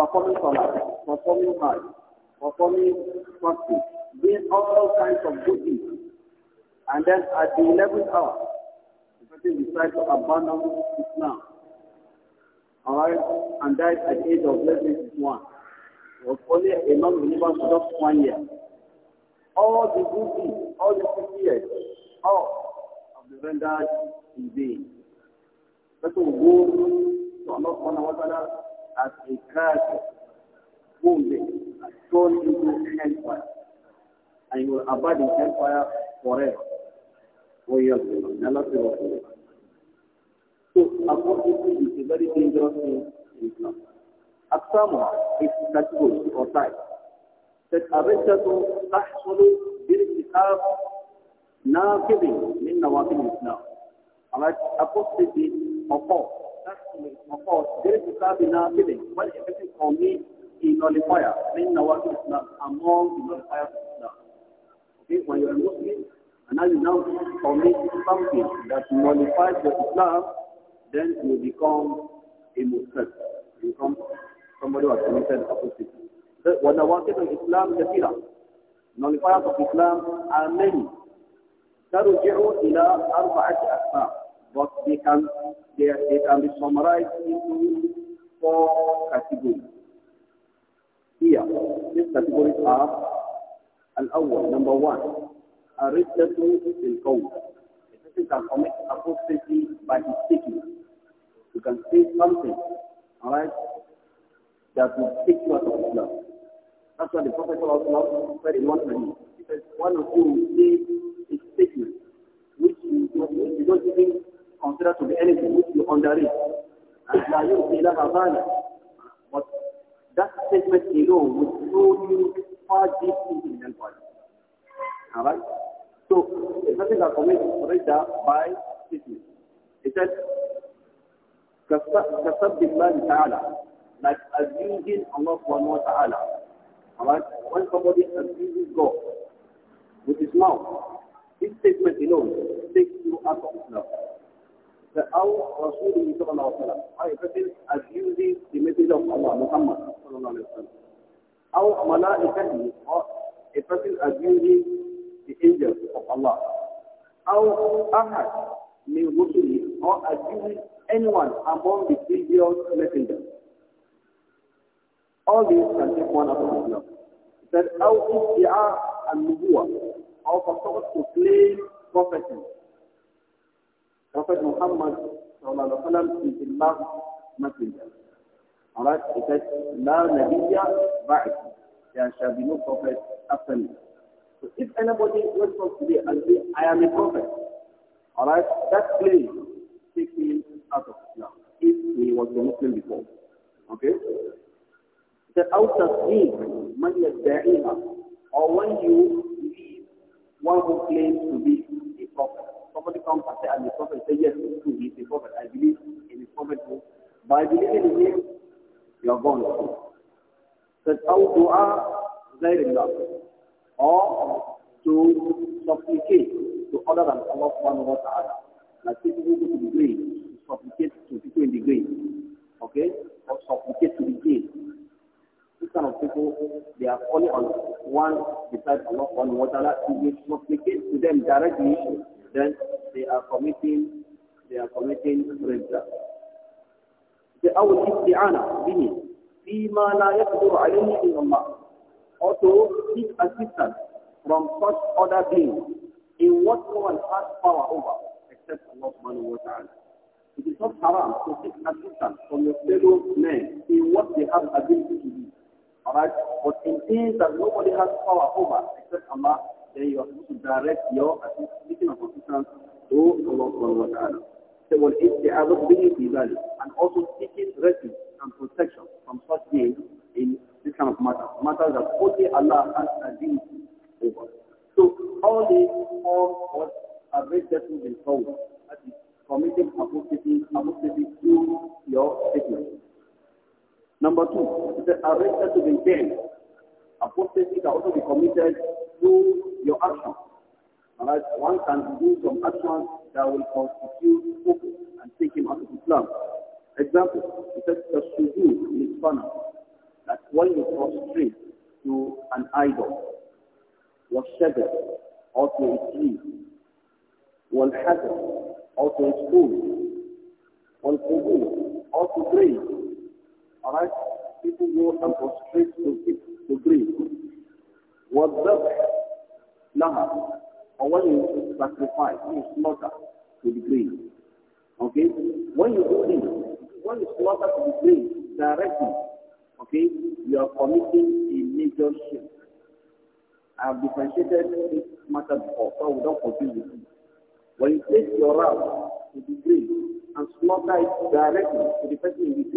performing salah, performing hajj, performing fasting, doing all kinds of good deeds. And then at the 11th hour, the person decides to abandon Islam. Alright? And died at the age of 11, one. 51. Was only a non-believer for just one year. All the good deeds, all the good years, all of the rendered in vain. what we go to Allah subhanahu wa advocates, women, thrown into hellfire. And you will abide in forever. For years beyond. So, apostasy is very dangerous thing in Islam. Aksama is category or type. That الرشة تحصل بارتكاب ناقض من نواقض الإسلام. Alright, apostasy occurs تحصل المفاد غير حسابنا بلي والإفكت القومي in nullifier من نواقض الإسلام among the nullifiers of Islam. Okay, when you're a Muslim and now you now commit something that nullifies your Islam, then you become a Muslim. You become somebody who has committed apostasy. So, ونواقض الإسلام كثيرة. Nullifiers of Islam are many. ترجع إلى أربعة أقسام. but they can they, they can be summarized into four categories. Here, these categories are Al-Awwal, number one, A riddatu Bil-Qawl. A person can commit apostasy by his speaking. You can say something, alright, that will take you out of Islam. That's what the Prophet said in one hadith. He says, one of you will say a statement which you, which you don't even considered to be anything which you underrate. And now you say But that statement alone would throw you far deep into the hellfire. Alright? So, a person can commit Rida by statement. It says, كسب الله تعالى like abusing Allah subhanahu wa ta'ala. Alright? When somebody abuses God with his mouth, this statement alone takes you out of Islam. The our Rasulullah sallallahu the message of Allah, Muhammad sallallahu alaihi wasallam. Our or a person as using the angels of Allah. Our ahad, min rusuli, or as anyone among the previous messengers. All these can take one out of Islam. That our isti'ah and nubuwa, or for someone to claim prophecy, Prophet Muhammad وسلم, is the last messenger. Alright, it says, La Nabiya Ba'id. There shall be no prophet after me. So if anybody wakes to today and says, I am a prophet, alright, that claim takes him out of Islam. If he was a Muslim before. Okay? The outer thing, man yadda'iha, or when you leave one who claims to be a prophet. Somebody comes and says, I'm the prophet. Say, yes, it's true. He's the prophet. I believe in his prophethood. By believing in him, you are gone. Says, أو دعاء غير الله. Or to supplicate to other than Allah subhanahu wa ta'ala. Like people who go to the grave, supplicate to people in the grave. Okay? Or supplicate to the grave. This kind of people, they are only on one besides Allah on wa ta'ala to supplicate to them directly, then they are committing, they are committing rizq. They are with isti'ana, meaning, فيما لا يقدر عليه إلا or Also, seek assistance from such other beings in what no one has power over except Allah subhanahu wa ta'ala. It is not haram to seek assistance from your fellow men in what they have ability to do. Alright? But in things that nobody has power over except Allah, then you are supposed to direct your speaking of assistance to Allah subhanahu wa ta'ala. So well isti'adab bihi fi and also seeking refuge and protection from such beings in this kind of matter. Matters that only Allah has ability over. So all these forms what are rejected will soul. That is committing apostasy, apostasy to your statement. Number two, the arrested to maintain. Apostasy can also be committed through your actions. Alright, one can do some actions that will constitute focus and take him out of Islam. Example, it says the do in Islam that when you prostrate to an idol, was shadow, or to a tree, was hazard, or to a stone, or to or to grave, all right? People go and prostrate to to grieve. What the laha, or when you sacrifice, you slaughter to the green, Okay? When you do this, when you slaughter to the green directly, okay, you are committing a major sin. I have differentiated this matter before, so we don't confuse it. When you place your route to the and slaughter it directly to the person in the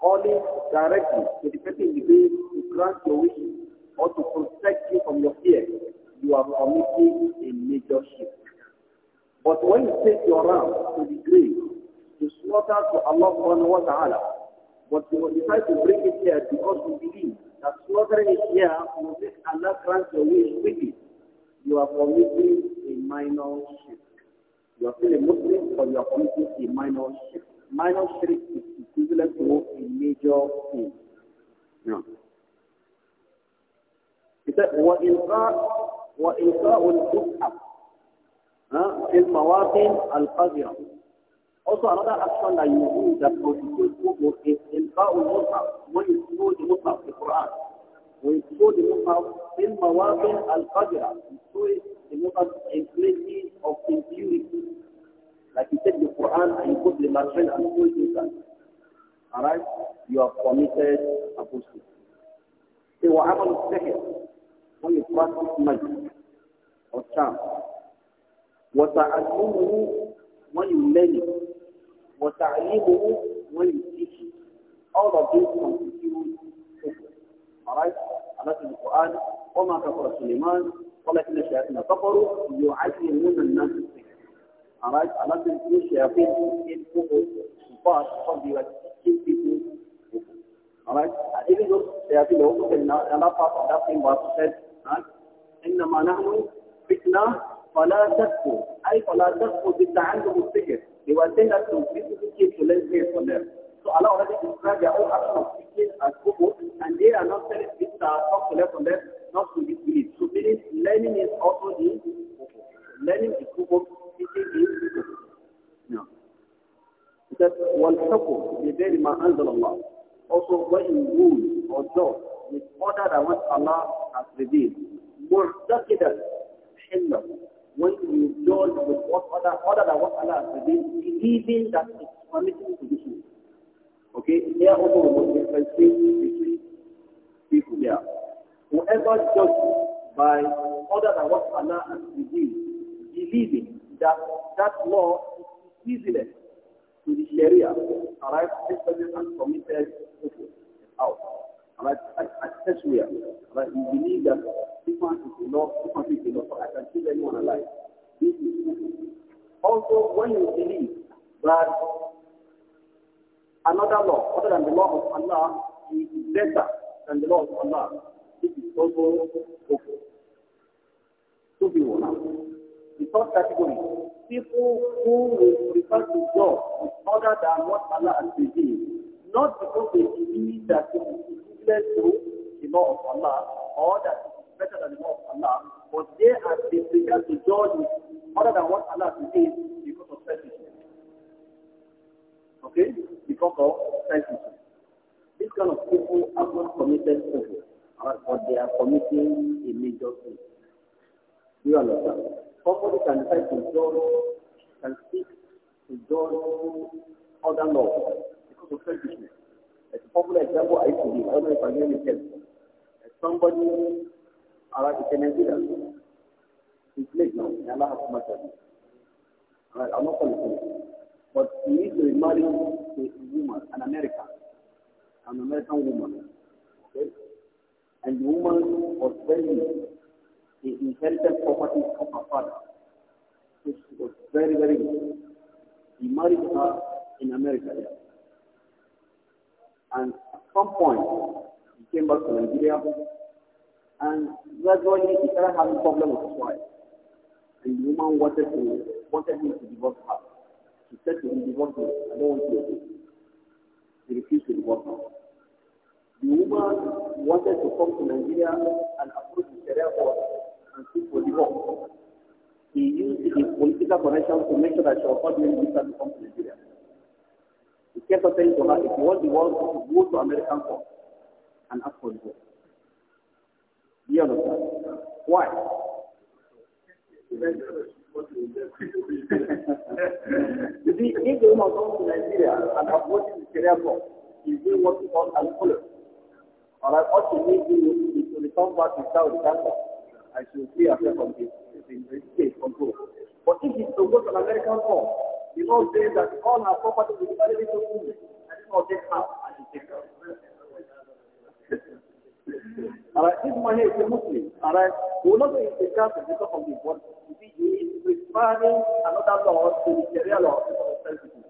calling directly to the person in the to grant your wishes or to protect you from your fear, you are committing a major shift. But when you take your ram to the grave to slaughter to Allah subhanahu wa ta'ala, but you decide to bring it here because you believe that slaughtering it here will make Allah grant your wish with it, you are committing a minor shift. You are still a Muslim, but you are committing a minor shift minor shirk is equivalent to a major sin. No. He said, وإلقاء وإلقاء الكفء في المواطن القذرة. Also another action that you do that constitutes kufr is إلقاء المصحف when you throw the mushaf, the Quran. When you throw the mushaf في المواطن القذرة, you throw it, the in places of impurity. Like you take the Quran and you put the material and put it inside. Alright? You are committed apostasy. Say, what happened to Sahel? When you practice magic or charm. What I do when you learn it. What I do when you teach it. All of these constitute kufr. Alright? Allah in the Quran, وَمَا كَفَرَ سُلَيْمَانَ وَلَكِنَّ الشَّيَاطِينَ كَفَرُوا يُعَلِّمُونَ النَّاسَ السِّحْرَ and I, and I think you should have been in Kufu, but from the like people. Alright? And even though they have been also in another part of that same verse said, right? إنما نحن فتنة فلا تكفر أي فلا تكفر بالتعلم الفكر. They were saying that to people who came to learn here from them. So Allah already described their own action of speaking as Kufu and they are not telling people that are come to learn from them not to be ma anzal Allah. Also what you rule or doors with order that what Allah has revealed. Murtakidat, hillah. When you judge with what other, other than what Allah has revealed, believing that it's permitted to be so. Okay, here also we must differentiate between people here. Whoever judges by other than what Allah has revealed, believing that that law is easiness to the Sharia, arrived expertise and committed people out. Right, I, I test we are. Right, we believe that difference is enough, difference is enough, I can kill anyone alive. This is also when you believe that another law, other than the law of Allah, is better than the law of Allah, this is also okay. to be one. The third category, people who will refer to God other than what Allah has revealed, not because they believe that it is equivalent to the law of Allah or that it is better than the law of Allah, but they are they prefer to judge other than what Allah has revealed because of selfishness. Okay? Because of selfishness. These kind of people have not committed sin, but they are committing a major sin. you understand? Somebody can decide to judge, can speak indulge other laws because of selfishness. As a popular example I used give, I don't know if I really can. As somebody, Allah is in Nigeria, he's late now, and Allah has much Right, I'm not qualified. But he needs to marry a woman, an American, an American woman. Okay? And the woman was very, he inherited property from her father. So she was very, very good. He married her in America. And at some point, he came back to Nigeria, and gradually he started having problems with his wife. And the woman wanted to wanted him to divorce her. She said to him, divorce me. I don't want you He refused to divorce her. The woman wanted to come to Nigeria and approach the Sharia court and seek for divorce he used his political connections to make sure that your was not doing to Nigeria. He kept on telling Bola, if you want the world, go to American court and ask for divorce. Do you understand? Why? you see, if the woman comes to Nigeria and approaches the career court, she's doing what we call al Alright, what she needs to do is to return back to Saudi Arabia. I should free ourselves from this, state control. But if it's to go to an American court, the law say that all our property will be to whom? I did take half, I should take half. Alright, this money is a Muslim, alright, we will not be in of of this. But you see, he is another law to the Sharia law of self-defense.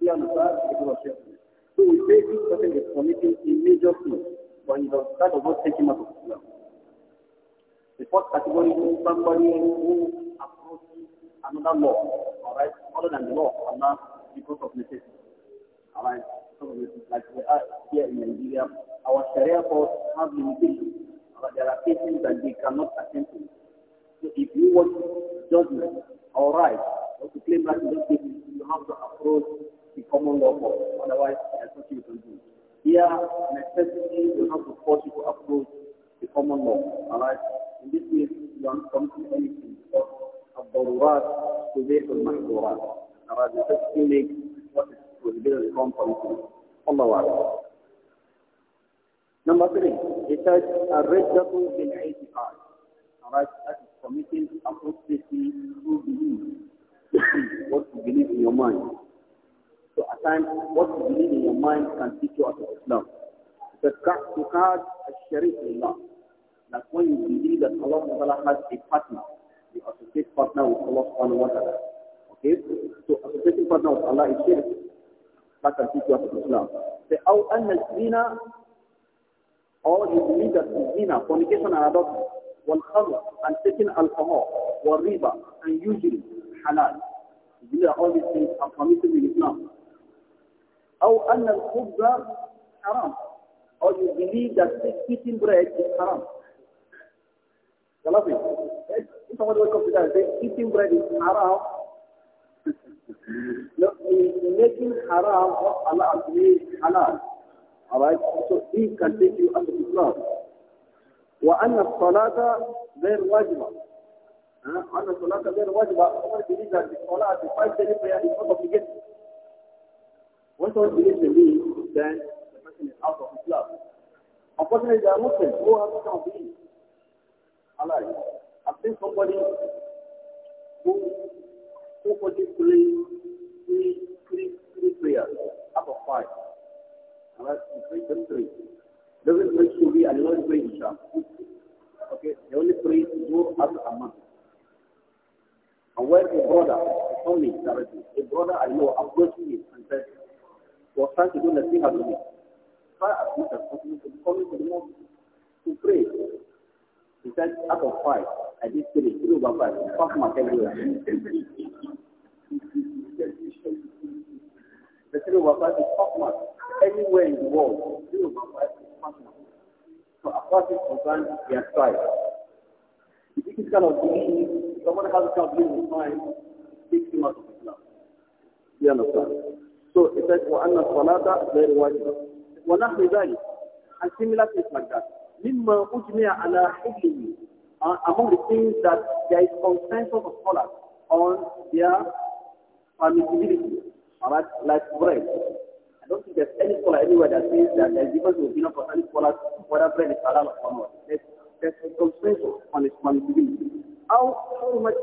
We understand the good of So we say this person is committing a major sin, but he does, that does not take him out of Islam. The first category is somebody who approaches another law, all right, other than the law of Allah because of necessity. All right, so like we are here in Nigeria, our Sharia courts have limitations. Right? There are cases that they cannot attend to. So if you want judgment, all right, or to claim that in those cases, you have to approach the common law court. Otherwise, that's nothing you can do. Here, necessity, you have to force you to approach the common law. All right. In this case, you are not committing anything تبيح المحظورات. Our research clinic, what is prohibited from Allah Number three, it says, الرجة بالاعتقاد. Alright, that is committing apostasy to believe. what you believe in your mind. So at times, what you believe in your mind can teach you out of Islam. The كعد الشريك لله. that when you believe that Allah Ta'ala has a partner, you associate partner with Allah Subhanahu wa Ta'ala. Okay? So associating partner with Allah is shirk. That's the teaching of Islam. Say, أو أن الزنا or you believe that الزنا, fornication and adultery, والخمر and taking alcohol, والربا and usury, halal. You believe that all these things are permitted in Islam. أو أن الخبز haram. Or you believe that eating bread is haram. Kalau sih, itu mau dua kopi dan teh, eating bread is haram. no, making haram of Allah is halal. Alright, so he can take you under Islam. وأن الصلاة غير واجبة. أن الصلاة غير واجبة. Someone believes that the Salah, the five daily prayer is not obligatory. Once someone believes in this, then the person is out of Islam. Unfortunately, there are Muslims who have some beliefs. alive. I've somebody who who only three three three three prayers out of five. Alright, he prayed just three. They only pray Shuri and they only pray Isha. Okay, they only pray Zuhr after a month. And when a brother, a me directly, a brother I know approached me and said, was trying to do the thing to me. Try as much as possible to be coming to the mosque to pray. He said, out of five, I did three, three over five. Fuck my everywhere. the three over five is fuck mark. Anywhere in the world, three over five is fuck mark. So as far as it's concerned, If you kind of believe, someone has a kind of belief in mind, takes him out of Islam. You understand? So it says, وَأَنَّ الصَّلَاةَ غَيْرُ وَاجِبَةٍ وَنَحْوِ ذَلِكَ And similar things like that. مما أجمع على حله among the things that there is consensus of scholars on their permissibility, alright, like bread. I don't think there's any scholar anywhere that says that there's difference between opinion for any scholars whether bread is halal or not. There's, there's a consensus on its permissibility. How much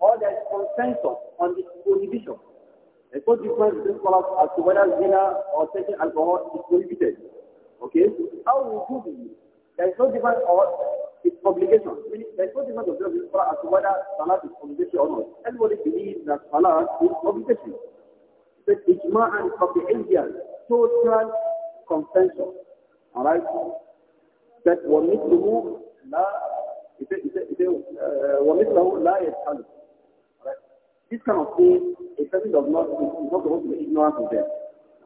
or there's consensus on its prohibition. There's no difference between scholars as to whether zina or taking alcohol is prohibited. Okay? How would you be there is no difference or its obligation. mean, there is no difference of the Quran as to whether is obligation or not. Everybody believes that salat is obligation. The ijma and qati'iyya, total consensus. Alright? That وَمِثْلُهُ لَا وَمِثْلَهُ move. يَتْحَلُ This kind of thing, a person does not, is not supposed to be ignorant of them.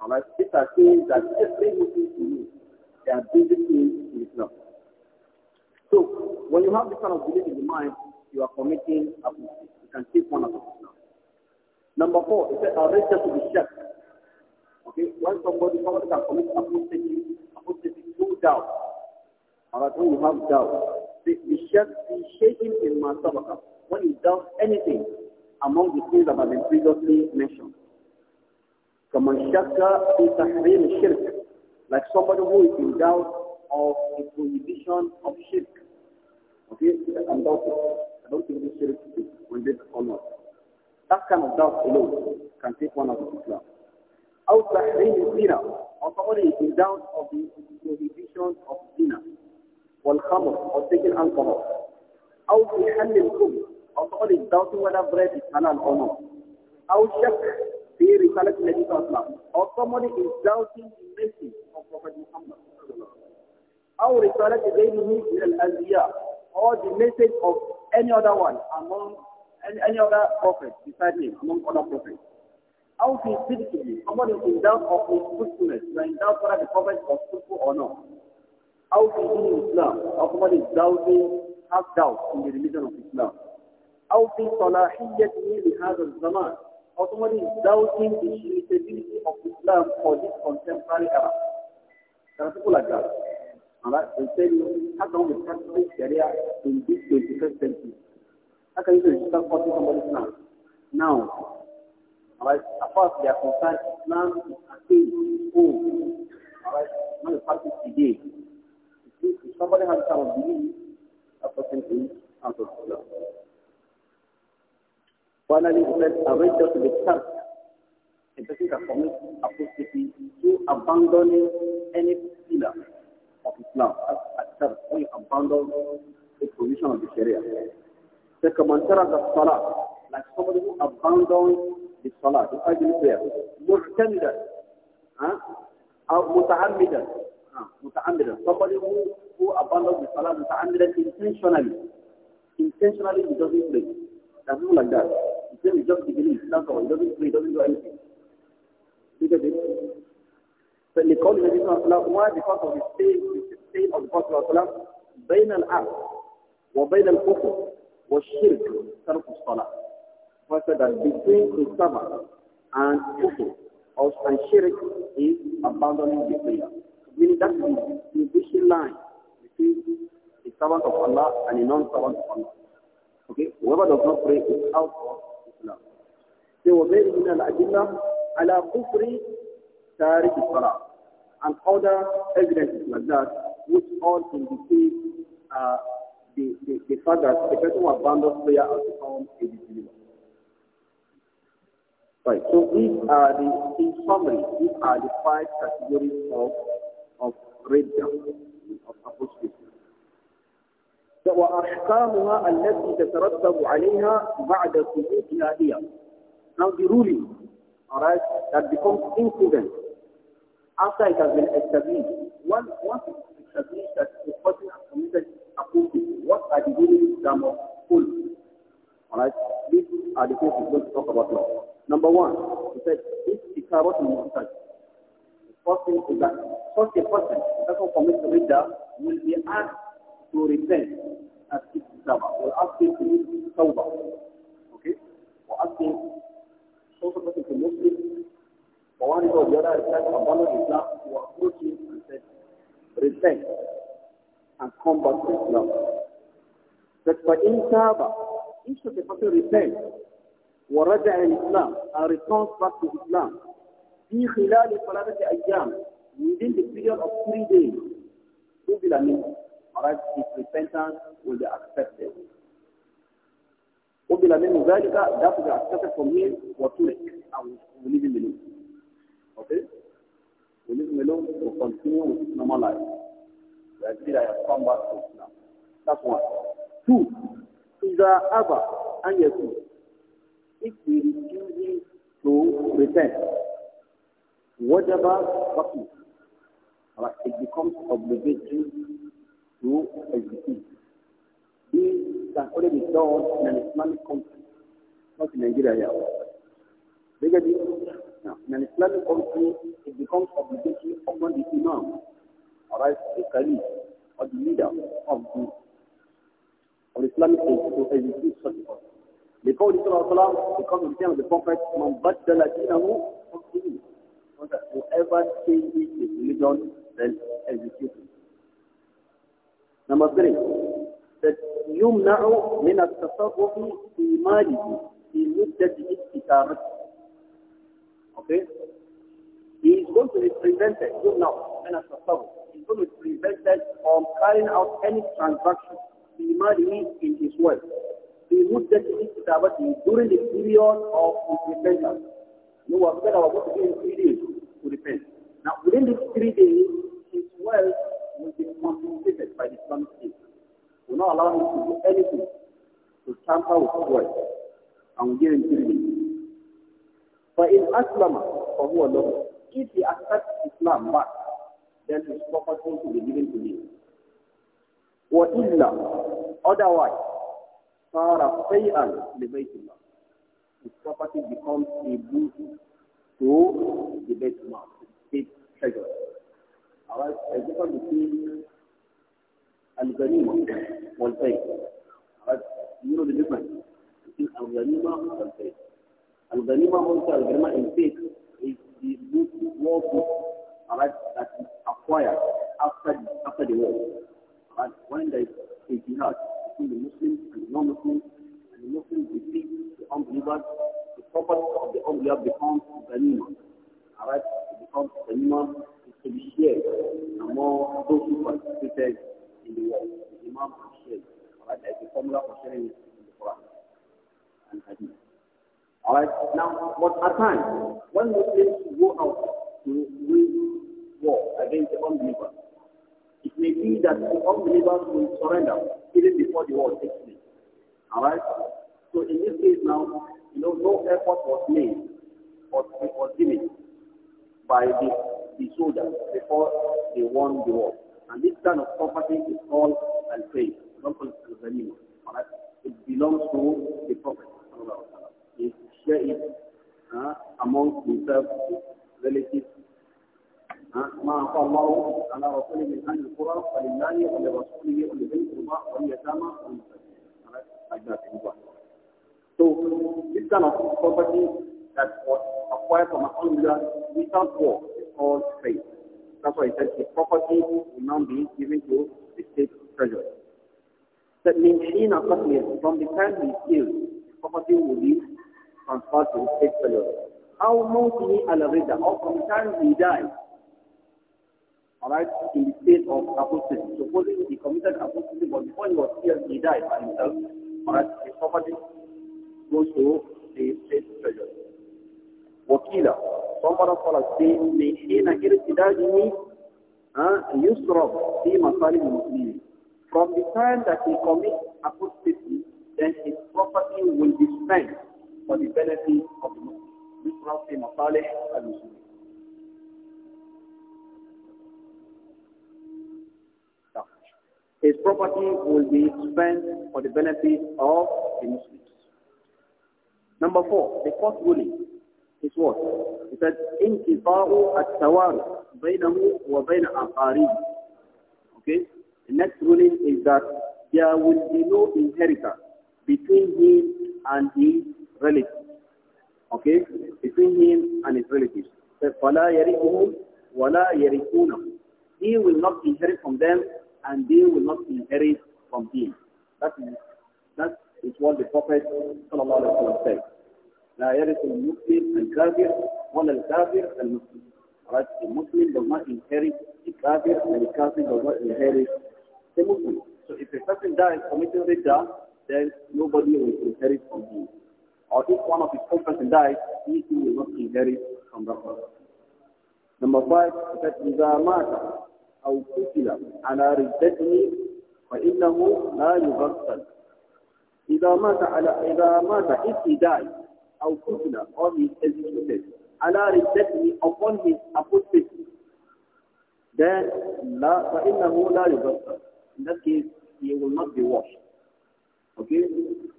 Alright? These are things that every Muslim believes. They are basic things in Islam. So when you have this kind of belief in the mind, you are committing a You can take one of them. Number four, it says our arrested to be checked. Okay, when somebody, somebody can commit apostasy, apostasy through doubt. Alright, when you have doubt, the, the shirk is shaking in stomach. When you doubt anything among the things that have been previously mentioned. كمن شك a real الشرك like somebody who is in doubt of the prohibition of shirk Okay, I'm doubting. I don't think this shirk is related or not. That kind of doubt alone can take one out of Islam. Outside the zina, or only in doubt of the prohibition of zina, or khamr, or taking alcohol. Out the hand in kum, or only doubting whether bread is halal or not. Out shak, the risalat Nabi Sallallahu or somebody is doubting the message of Prophet Muhammad. أو رسالة غيره من الأنبياء or the message of any other one among any, any other prophet beside him, among other prophets. How he me? somebody is in doubt of his truthfulness, you are in doubt whether the prophet was truthful or not. How he in Islam, or somebody is doubting, has doubt in the religion of Islam. How he salahiyatihi lihada zaman, or somebody is doubting the suitability of Islam for this contemporary era. There are people like that. Alright, in sai haka wani tasirin shari'a in this 21st century. Haka yi zai shiga kwatin kamar Islam. Now, alright, apart they are concerned, is a thing, alright, not a practice today. If somebody has some belief, a person is of Islam. Finally, it says, arrange to be a apostasy to abandoning any pillar of Islam as accept and abandon the position of the Sharia. The commentary of the Salah, like somebody who abandons the Salah, the Ajil prayer, Murtamidan, huh? or Muta'ammidan, somebody who, who abandons the Salah Muta'ammidan intentionally. Intentionally he doesn't pray. That's not like that. He says he just believes, that's all. He doesn't pray, he doesn't do anything. Because it, لقول النبي صلى الله عليه وسلم why because of the state the state of the Prophet صلى الله عليه وسلم بين العبد وبين الكفر والشرك ترك الصلاة Prophet that between his servant and kufr or and shirk is abandoning the prayer meaning that is the division line between the servant of Allah and a non-servant of Allah okay whoever does not pray is out of Islam So were very in al-adillah ala kufri tariq salah and other evidences like that, which all indicate uh, the, the, the fact that the person who abandons prayer has become a disbeliever. Right. So these are the, in summary, these are the five categories of of ridda, of apostasy. So وأحكامها التي تترتب عليها بعد ثبوتها هي. Now the ruling, alright, that becomes incident after it has been established, once, once established that the person has committed appropriately, what are the rules that must full? Alright, these are the things we're going to talk about now. Number one, he said, if the carrot in your the first thing is that such a person, the person commits the will be asked to repent as if the will ask him to do tawbah. Okay? Or ask him, so the person to Muslim, but one of the other said, abandon Islam, who approached him and said, repent and come back to Islam. That for in Kaaba, if the person repents, ورجع الإسلام and returns back to Islam, في خلال ثلاثة أيام, within the period of three days, قبل منه, alright, his repentance will be accepted. قبل منه ذلك, that will be accepted from him, وترك, and will leave him alone. Okay? We leave him alone to continue with normal life. We agree I have come back to Islam. That's one. Two, إذا أبى أن يكون if he refuses to repent, whatever happens, right, it becomes obligatory to execute. This can only be done in an Islamic country, not in Nigeria. Look at now, in an Islamic country, it becomes obligatory upon the imam, or right, the caliph, or the leader of the of Islamic state to execute such a person. لقول صلى the عليه وسلم the of the time of the prophet من بدل دينه whoever changes his religion then execute him number three that يمنع من التصرف في ماله في مدة استثارته Okay? He is going to be prevented, good now, and as a He is going to be prevented from carrying out any transaction might money in his wealth. would muddat be kitabati during the period of repentance. You were said about what to in three days to repent. Now, within these three days, his wealth will be confiscated by the Islamic State. Will not allow him to do anything to tamper with his wealth. And will give him three days. But in فَإِنْ أَسْلَمَ فَهُوَ لَهُ If he accepts Islam back, then his property will be given to him. What is وَإِلَّا Otherwise, صَارَ فَيْئًا the اللَّهِ His property becomes a booty to the Baytullah, his treasure. Alright, a difference between Al-Ghanima one bayt Alright, you know the difference between Al-Ghanima and Al-Bayt al the wants to Al-Ghanima in faith is the good war good, that is acquired after the, after the war. But when there is a jihad between the Muslims and the non-Muslims, and the Muslims defeat the unbelievers, the property of the unbeliever becomes Ghanima. Alright, it becomes new is to be shared among those who participated in the war. The Imam has shared. Alright, there is a formula for sharing in the Quran and Hadith. Alright, now, what happens when Muslims go out to wage war against the unbelievers, it may be that the unbelievers will surrender even before the war takes place. Alright? So in this case now, you know, no effort was made or was given by the, the soldiers before they won the war. And this kind of property is called al-fay. Not Alright? It belongs to the Prophet share it uh, among himself, relatives. ما أعطى الله على رسوله من أهل القرى فلله ولرسوله ولذي القربى واليتامى والمساكين. So, this kind of property that was acquired from an unbeliever without war is called faith. That's why it says the property will now be given to the state treasury. That means in a from the time he steals, the property will be transferred to his state fellow. How mawtihi al-rida, or from the time he died, alright, in the state of apostasy. Supposing he committed apostasy, but before he was here, he died by himself. Alright, his property goes to the state treasury. Wakila, someone of us say, من he ارتداده يصرف في مصالح المسلمين. From the time that he commits apostasy, then his property will be spent for the benefit of the Muslims. This one say Masalih al-Muslim. His property will be spent for the benefit of the Muslims. Number four, the fourth ruling is what? It says, انتفاع التوارث بينه وبين aqari. Okay? The next ruling is that there will be no inheritance between him and his relative. Okay? Between him and his relatives. فَلَا يَرِكُهُ وَلَا يَرِكُونَهُ He will not inherit from them and they will not inherit from him. That is, that is what the Prophet ﷺ said. لا يرث المسلم الكافر ولا الكافر المسلم. Right? The Muslim does not inherit the kafir and the kafir does not inherit the Muslim. So if a person dies committing rida, then nobody will inherit from him or if one of his co-person dies, he too will not inherit from that person. Number five, that إذا مات أو قتل على ردته فإنه لا يغسل. إذا مات على إذا مات if he dies أو قتل or he is executed على ردته upon his apostasy then لا فإنه لا يغسل. In that case, he will not be washed okay,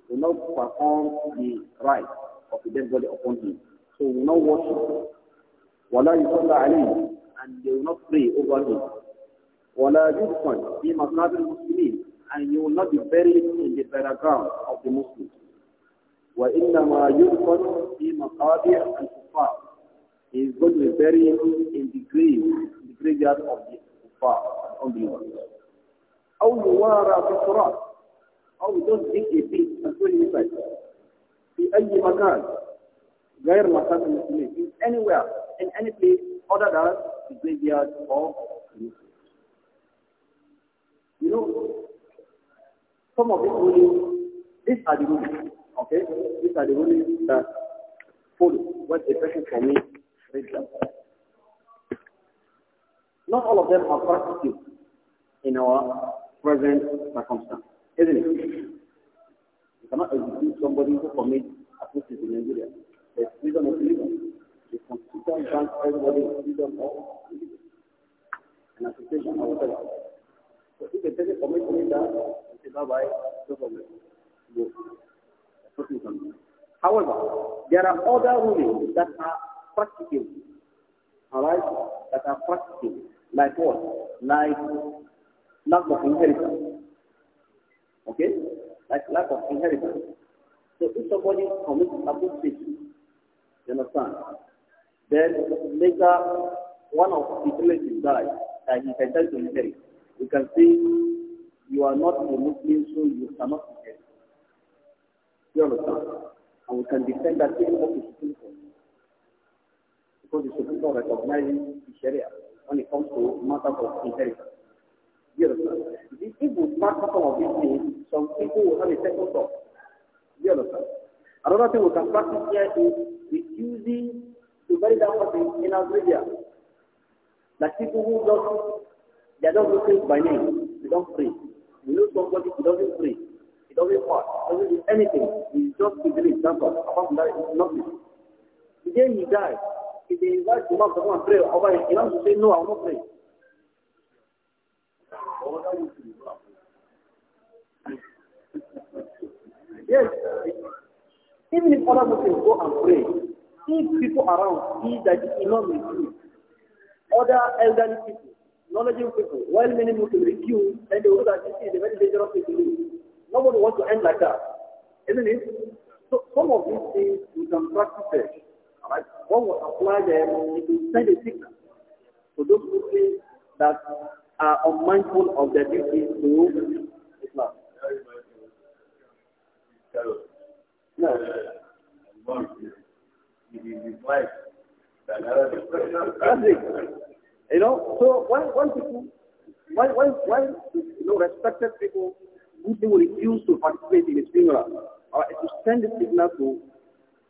will not perform the right of the dead body upon him. So will not worship. وَلَا يُصَلَّ عَلَيْهِ And they will not pray over him. وَلَا يُدْفَنْ not be الْمُسْلِمِينَ And you will not be buried in the burial ground of the Muslims. وَإِنَّمَا يُدْفَنْ فِي مَقَابِ الْكُفَّارِ He is going to be buried in the grave, in the graveyard of the kuffar, unbelievers. أَوْ يُوَارَ بِالتُّرَابِ أو تصدق في مسؤول مثال في أي مكان غير مكان المسلمين in anywhere in any place other than the graveyard or You know, some of these rulings, these are the rulings, okay? These are the rulings that follow what the person for me Not all of them are practical in our present circumstance. Isn't it? You cannot execute somebody who commits atrocities in Nigeria. There's freedom of religion. The Constitution grants everybody freedom of religion and association or whatever. So if you a person commits something that, you say, bye-bye, no problem. Go. However, there are other rulings that are practical, Alright? That are practical, Like what? Like lack of inheritance. Okay? Like lack of inheritance. So if somebody commits apostasy, you understand? Then later, one of his relatives dies and he can tell to inherit. You can see you are not a Muslim, so you cannot inherit. You understand? And we can defend that thing of the Supreme Court. Because the Supreme Court recognizes the Sharia when it comes to matters of inheritance. You understand? If it start mark some of these things, some people will have a second thought. You understand? Another thing we can practice here is refusing to bury that person in Algeria. Like people who don't, they don't looking by name, they don't pray. You know somebody who doesn't pray, he doesn't fast, doesn't do anything, he just believe, that's example. Apart from that, it's nothing. The day he dies, if they invite Imam to come and pray over him, Imam will say, no, I will not pray. Yes. Even if other Muslims go and pray, if people around see that the Imam is true, other elderly people, knowledgeable people, while many Muslims refuse, and they know that this is a very dangerous thing to do. Nobody wants to end like that, isn't it? So some of these things we can practice alright? One will apply them, it will send a signal to those Muslims that are unmindful of their duty to Islam. No. You know, so why, why people, why, why, why, you know, respected people, who people refuse to participate in a funeral, or to send a signal to,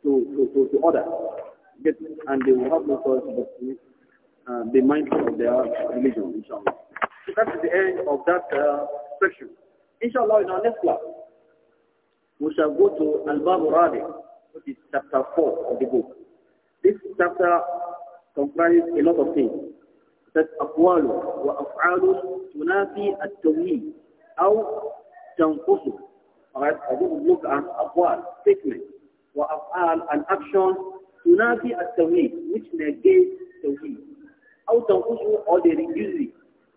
to, to, to, to others, and they will have no choice but to uh, be mindful of their religion, inshallah. That is the end of that uh, section. Inshallah, in our next class, we shall go to Al-Bab Rabi, which is chapter 4 of the book. This chapter comprises a lot of things. That أقوال وأفعال تنافي التوحيد أو تنقصه. Alright, I will look at أقوال, statement, وأفعال and action تنافي التوحيد, which negates tawheed. أو تنقصه or they reduce it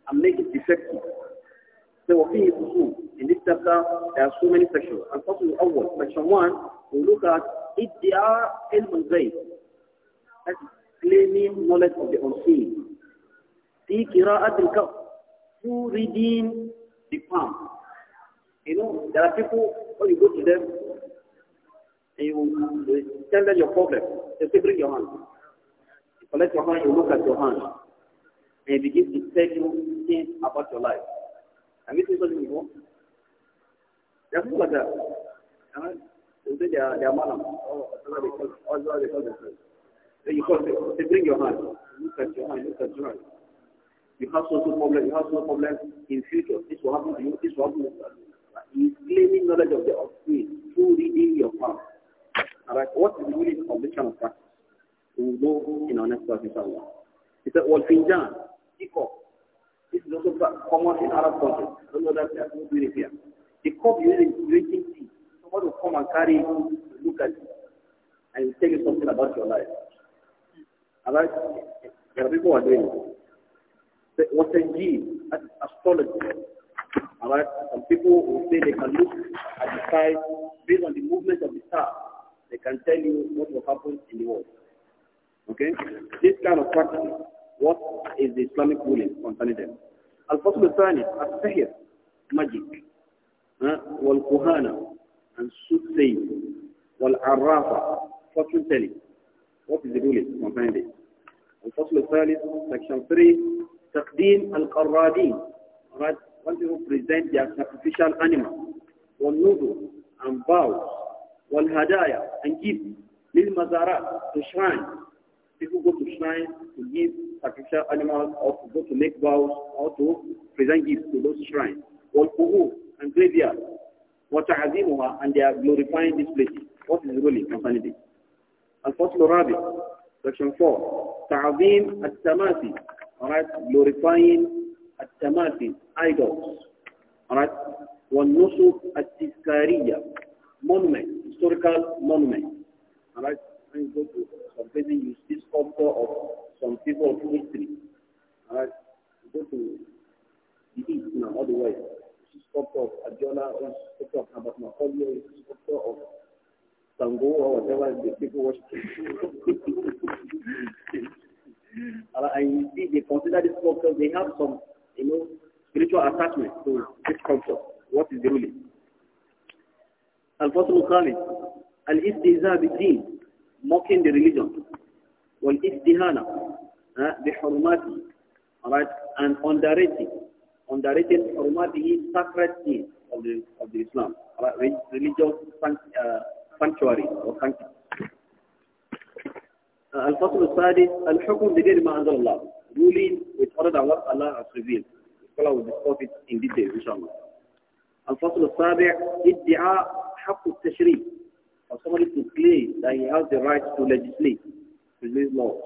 and make it effective. So In this chapter, there are so many sections. And first of all, section one, we look at iddia ilm al-ghayb. That's claiming knowledge of the unseen. في قراءة الكف. Through reading the palm. You know, there are people, when you go to them, and you tell them your problem, they say, bring your hand. You collect your hand, you look at your hand they begin to tell you things about your life. I'm seen such before? They're people like that. they say they are, they are malam. Oh, that's what they call, oh, that's what they call themselves. Then you call, they, they bring your hand. Look at your hand, look at your hand. You have social problem, you have no problem. In future, this will happen to you, this will happen to you. He's claiming knowledge of the unseen through reading your past. Alright, what is the meaning of this kind of practice? We will know in our next class, inshallah. He said, "Well, Finjan." cup. This is also common in Arab countries. don't know that they are not doing The cup you use drinking tea, someone will come and carry it, look at and tell you something about your life. Alright? There are people who are doing it. What's a G? astrology. Alright? Some people will say they can look at the sky based on the movement of the star. They can tell you what will happen in the world. Okay? This kind of practice what is the Islamic ruling concerning them. الفصل al السحر magic والكهانة and soothsaying والعرافة fortune telling what is the ruling concerning this al الثالث section 3 تقديم القرادين right want to present their sacrificial animal والنذر and vows والهدايا and gifts للمزارات to shrine People go to shrines to give sacrificial animals or to go to make vows or to present gifts to those shrines. Wal-Quhur and graveyards. وَتَعَذِيمُهَا and they are glorifying this place. What is really concerning this? Al-Fasl Rabi, section 4. تَعَذِيم التَّمَاثِي Alright, glorifying التَّمَاثِي, idols. Alright, وَالنُّصُب التِّذْكَارِيَّة Monument, historical monument. Alright, brings go to some places use this sculpture of some people of history. Alright? Go to the east now, otherwise this way. You of Adjola, this you see of Nabat Macaulay, this you see of Sango, or whatever the people worship. right, and you see they consider this sculpture, they have some, you know, spiritual attachment to this culture. What is the ruling? الفصل الخامس الاستهزاء بالدين mocking the religion, istihana, the بحرماته right? and underrating underrating حرماته sacred things of the of the Islam right? religious uh, sanctuary or sanctity الفصل السادس الحكم بغير ما أنزل الله ruling with other than what Allah has revealed Scholar will discuss it in detail إن شاء الله الفصل السابع ادعاء حق التشريع for somebody to claim that he has the right to legislate, release laws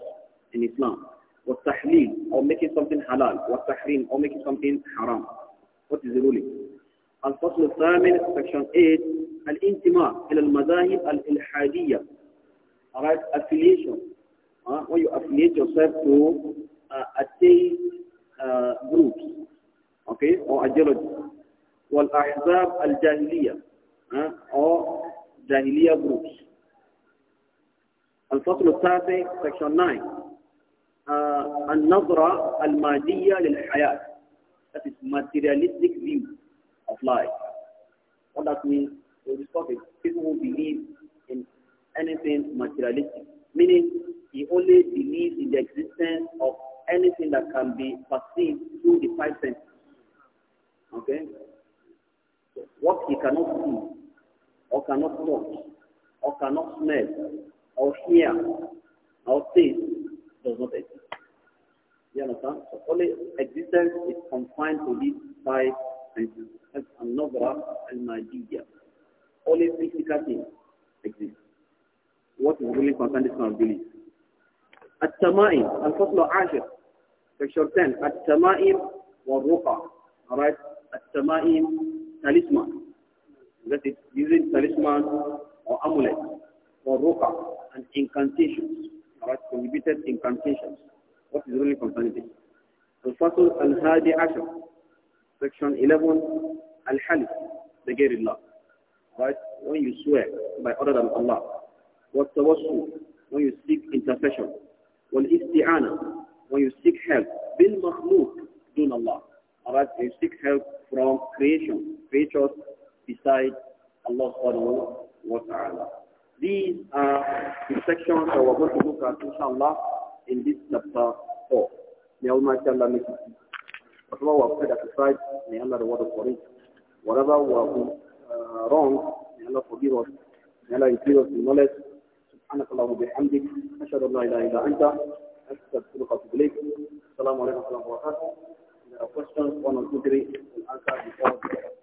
in Islam. What وَالتَّحْلِيل or making something halal. What وَالتَّحْرِيم or making something haram. What is the ruling? الفصل الثامن section 8 al-intima, al إلى al الإلحادية alright affiliation uh, when you affiliate yourself to uh, atheist uh, groups okay or ideology والأحزاب الجاهلية uh, or Jahiliya groups. الفصل التاسع section 9 uh, النظرة المادية للحياة that is materialistic view of life what that means we'll discuss it people who believe in anything materialistic meaning he only believes in the existence of anything that can be perceived through the five senses okay so what he cannot see or cannot touch, or cannot smell, or hear, or taste does not exist. You understand? So only existence is confined to these five senses. That's another and Nigeria. Only physical things exist. What is really concerned is not belief. التمائم الفصل العاشر كشرتين التمائم والرقى alright التمائم talisman that is using talisman or amulet or roka and incantations, right? prohibited incantations. What is really concerning this? Al-Hadi, عشر section 11 Al-Hali. The بغير Allah. right when you swear by other than Allah worst when you seek intercession والاستعانة when you seek help بالمخلوق دون Allah When you seek help from creation creatures besides Allah wa ta'ala. These are the sections that we're going to look at, inshallah, in this chapter 4. May Almighty Allah make it easy. Whatever we have said at the side, may Allah reward us for it. Whatever we have uh, wrong, may Allah forgive us. May Allah increase us in knowledge. سبحانك اللهم وبحمدك أشهد أن لا إله إلا أنت أستغفرك وأتوب إليك السلام عليكم ورحمة الله وبركاته. There are questions one or two three will answer before.